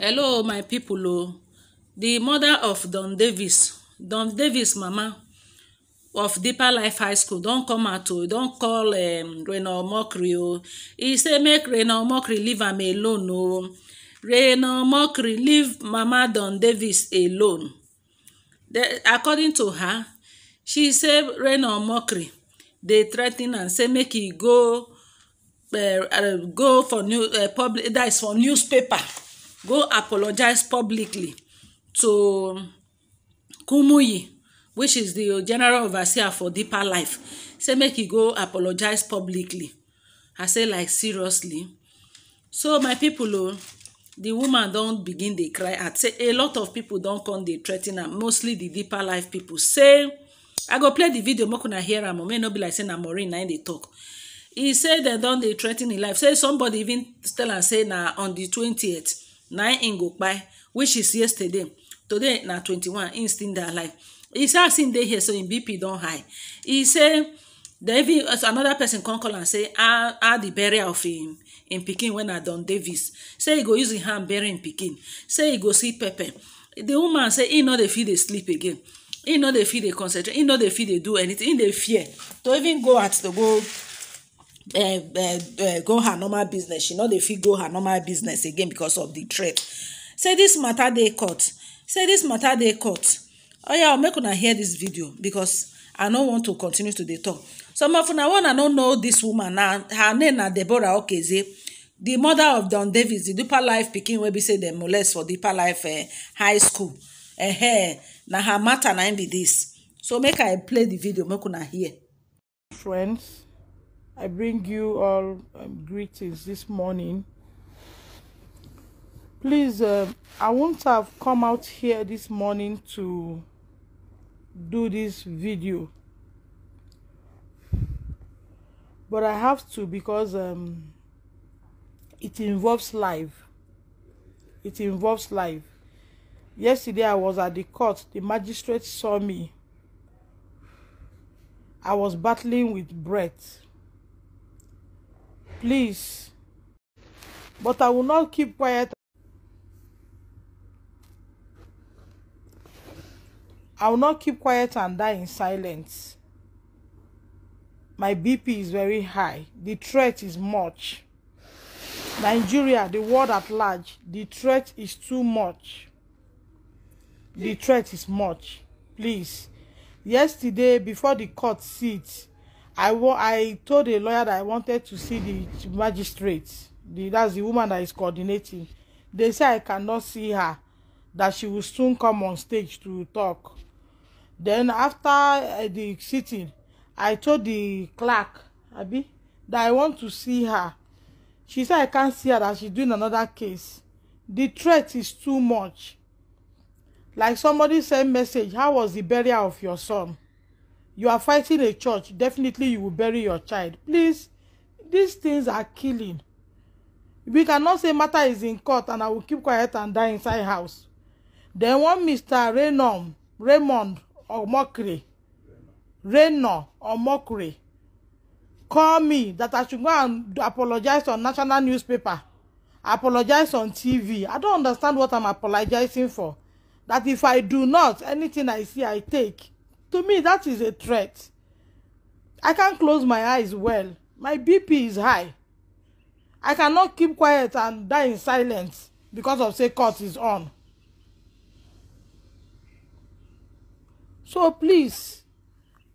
hello my people o oh. di mother of don davis don davis mama of deeper life high school don come out o oh. don call um, rena omokri o oh. e say make rena omokri leave am alone o rena omokri leave mama don davis alone according to her she say rena omokri dey threa ten say make e go uh, uh, go for uh, public that is for newspaper. go apologize publicly to Kumuyi which is the general overseer for deeper life say make he go apologize publicly i say like seriously so my people o oh, the woman don begin dey cry out say a lot of people don come dey threa ten am mostly the deeper life people say i go play the video make una hear am o oh, make no be like say na maureen na im dey talk e say dem don dey threa ten im life say somebody even tell am say na on the twentieth na im go kpai which is yesterday today na twenty-one im still dey alive e say as im dey here so im bp don high e say even another person come call am say how the burial of him him pikin wey na don davis say he go use him hand bury him pikin say he go see pepper the woman say e no dey fit dey sleep again e no dey fit dey concentrate e no dey fit dey do anything e dey fear to even go out to go Eh, eh, eh, go her normal business she no dey fit go her normal business again because of the threat say dis mata dey cut say dis mata dey cut oya make una hear dis video because i no want to continue to dey talk so una one i no know dis woman her name na deborah okeze the mother of don davis di deeper life pikin wey be say dem molest for deeper life high school na her matter na im be dis so make i play di video make una hear. friends I bring you all um, greetings this morning. Please, uh, I won't have come out here this morning to do this video. But I have to because um, it involves life. It involves life. Yesterday I was at the court. The magistrate saw me. I was battling with breath please but i will not keep quiet i will not keep quiet and die in silence my bp is very high the threat is much nigeria the world at large the threat is too much the threat is much please yesterday before the court seat I wa I told the lawyer that I wanted to see the magistrate the that's the woman that is coordinating they say I cannot see her that she will soon come on stage to talk then after uh, the sitting I told the clerk abi that I want to see her she said I can't see her that she's doing another case the threat is too much like somebody sent message how was the burial of your son you are fighting a church definitely you will bury your child please these things are killing we cannot say matter is in court and i will keep quiet and die inside house then one mr Raynom, raymond Raynor or omokri call me that i should go and apologize on national newspaper apologize on tv i don't understand what i'm apologizing for that if i do not anything i see i take to me that is a threat i can't close my eyes well my bp is high i cannot keep quiet and die in silence because of say court is on so please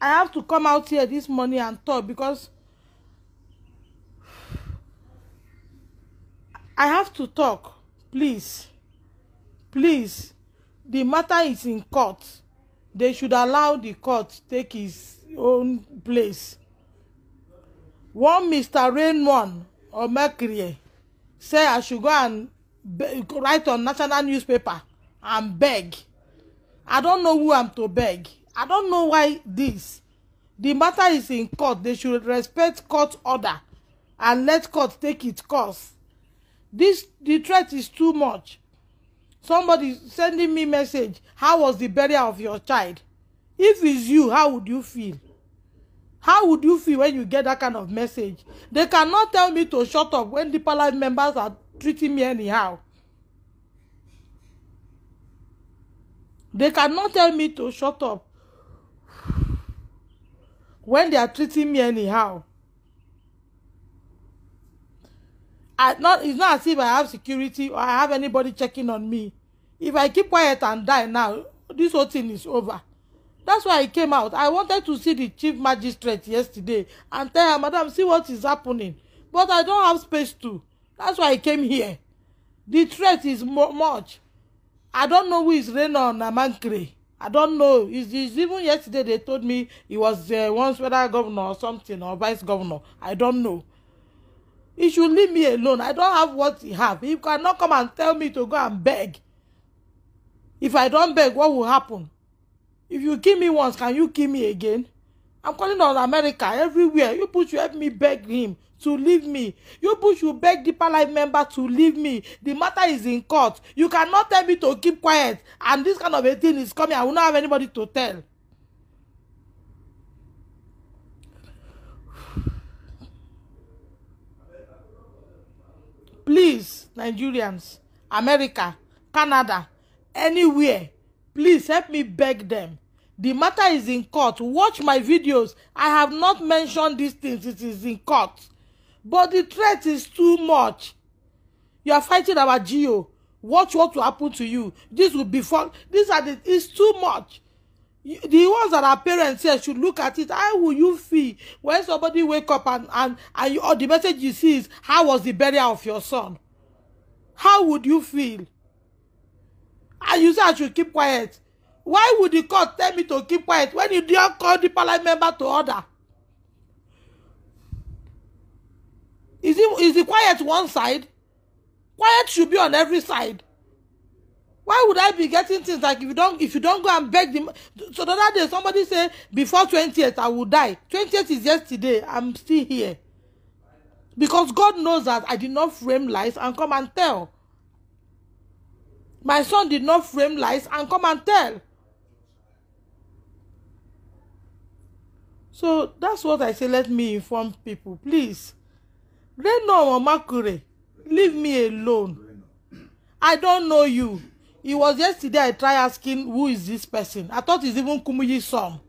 i have to come out here this morning and talk because i have to talk please please the matter is in court they should allow the court take his own place. One Mr. Raymond Omekirie say I should go and write on national newspaper and beg. I don't know who I'm to beg. I don't know why this. The matter is in court. They should respect court order and let court take its course. This the threat is too much somebody sending me message how was the burial of your child if it's you how would you feel how would you feel when you get that kind of message they cannot tell me to shut up when deeper life members are treating me anyhow they cannot tell me to shut up when they are treating me anyhow I not it's not as if I have security or I have anybody checking on me. If I keep quiet and die now, this whole thing is over. That's why I came out. I wanted to see the chief magistrate yesterday and tell her, Madam, see what is happening. But I don't have space to. That's why I came here. The threat is mo much. I don't know who is Renan Namankre. I don't know. It's, it's even yesterday they told me he was uh, once whether governor or something or vice governor. I don't know he should leave me alone i don have what he have he cannot come and tell me to go and beg if i don beg what will happen if you kill me once can you kill me again i'm calling on america everywhere you push you help me beg him to leave me you push you beg deeper life member to leave me the matter is in court you cannot tell me to keep quiet and this kind of a thing is coming i will not have anybody to tell nigerians america canada anywhere please help me beg them the matter is in court watch my videos i have not mentioned these things it is in court but the threat is too much you are fighting our geo watch what will happen to you this will be fun these are the it's too much the ones that are parents here should look at it how will you feel when somebody wake up and and and you, or the message you see is how was the burial of your son how would you feel and you say i should keep quiet why would the court tell me to keep quiet when you don call the parliament member to order is it is the quiet one side quiet should be on every side why would i be getting things like if you don if you don go and beg the so the other day somebody say before twentieth i will die twentieth is yesterday i'm still here because God knows that I did not frame lies and come and tell. My son did not frame lies and come and tell. So that's what I say. Let me inform people, please. Reno Makure, leave me alone. I don't know you. It was yesterday I tried asking who is this person. I thought it's even Kumuyi's son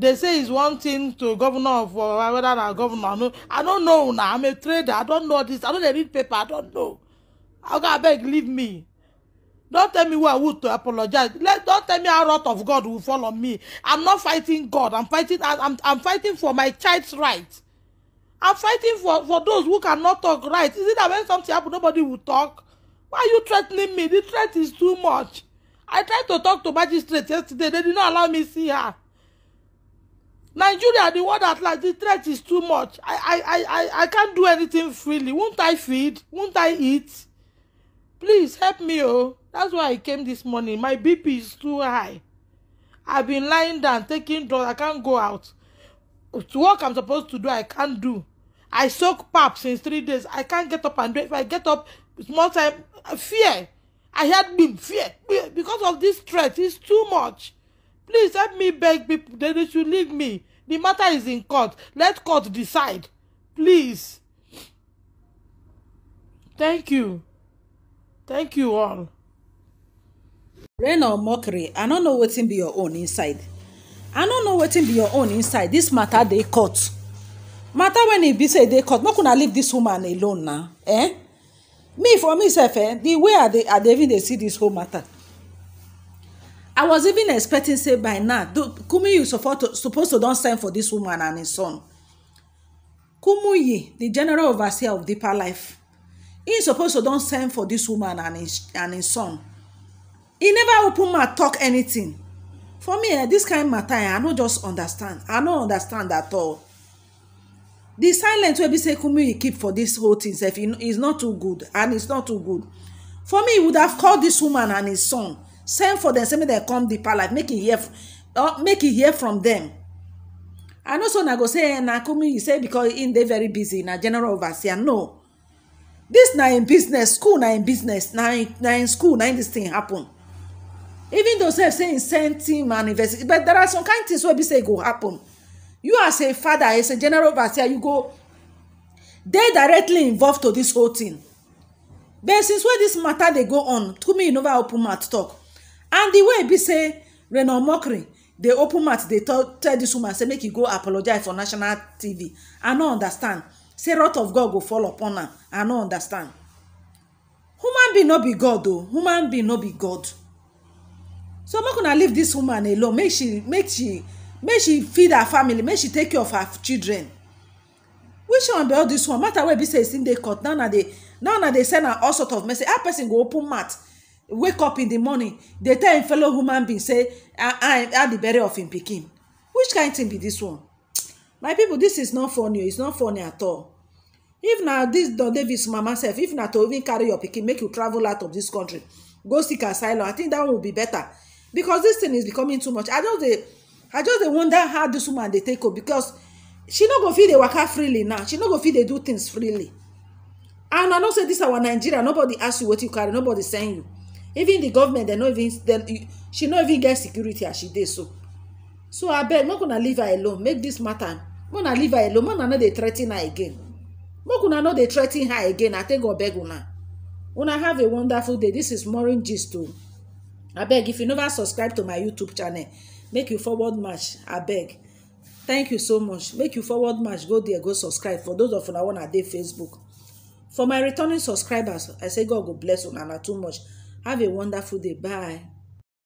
they say it's one thing to governor of uh, whether na governor no i don't know na i'm a trader i don't know this i no dey read paper i don't know oga abeg leave me don tell me who i would to apologize let don tell me how wrath of god will fall on me i'm not fighting god i'm fighting i'm i'm fighting for my child's right i'm fighting for for those who cannot talk right is it that when something happen nobody will talk why are you threatening me the threat is too much i tried to talk to magistrate yesterday they did not allow me see her Nigeria, the word at large, the threat is too much. I, I, I, I can't do anything freely. Won't I feed? Won't I eat? Please help me, oh. That's why I came this morning. My BP is too high. I've been lying down, taking drugs. I can't go out. To work I'm supposed to do, I can't do. I soak pap since three days. I can't get up and do it. If I get up, small time, uh, fear. I had been fear. Because of this threat, it's too much. Please help me beg people they should leave me the matter is in court let court decide please thank you thank you all. rain or mockery i don't know what's in be your own inside i don't know what's in be your own inside This matter they cut matter when e be say they dey No, make una leave this woman alone now? eh me for myself, eh the way i dey i dey even they see this whole matter i was even expecting say by now kumuyi suppose to don send for this woman and im son kumuyi the general overseer of deeper life im suppose to don send for this woman and and im son He never open mouth talk anything for me eh, this kind matter eh, i no just understand i no understand at all The silence wey be say kumuyi keep for dis whole thing sef is not too good and it's not too good for me he would have called this woman and his son send for them. say make They come the palace make e hear uh, Make hear from them. i know so na go say eh, na kumi say because im dey very busy na general overseer no This na im business school na im business na im school na im dis thing happen even though sef say im send team and investigate but there are some kind things wey be say go happen you as a father as a general overseer you go dey directly involved to this whole thing but since wey this matter dey go on kumi never open mouth talk and the way e be say reno mockery, dey open mouth dey tell dis woman say make e go apologize for national tv i no understand say wrath of god go fall upon am i no understand human being no be god o human being no be god so make una leave dis woman alone make she make she make she feed her family make she take care of her children which one be all dis one matter wey be say e still dey cut now na dey send am all sort of message how person go open mouth wake up in the morning They tell im fellow human being say i i the burial of him, picking." which kind thing be this one my people? This is not funny it's not funny at all if now this don davis mama self, if not to even carry your picking, make you travel out of this country go seek asylum i think that one will be better because this thing is becoming too much i just i just wonder how this woman they take her because she no go they work her freely now she not go feel they do things freely and i know say dis our nigeria nobody ask you what you carry nobody send you even the government dem no even dem she no even get security as she dey so so abeg make una leave her alone make this matter make una leave her alone make una no dey threa ten her again make una no dey threa ten her again i take god beg una una have a wonderful day this is Maureen Gist o oh. abeg if you never subscribe to my youtube channel make you forward match abeg thank you so much make you forward match go there go subscribe for those of una wey una dey facebook for my returning subscribers i say god go bless una na too much Have a wonderful day. Bye.